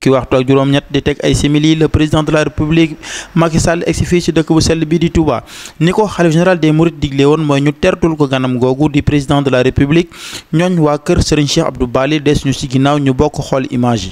ki waxtu ak juróom di simili le président de la république Macky Sall ex de de dëkk bu Touba ni ko général des Mourides Digléon, woon mooy ñu tertul ko ganam gogu président de la république Nion waa kër Serigne Cheikh Abdou Bali des ñu ci image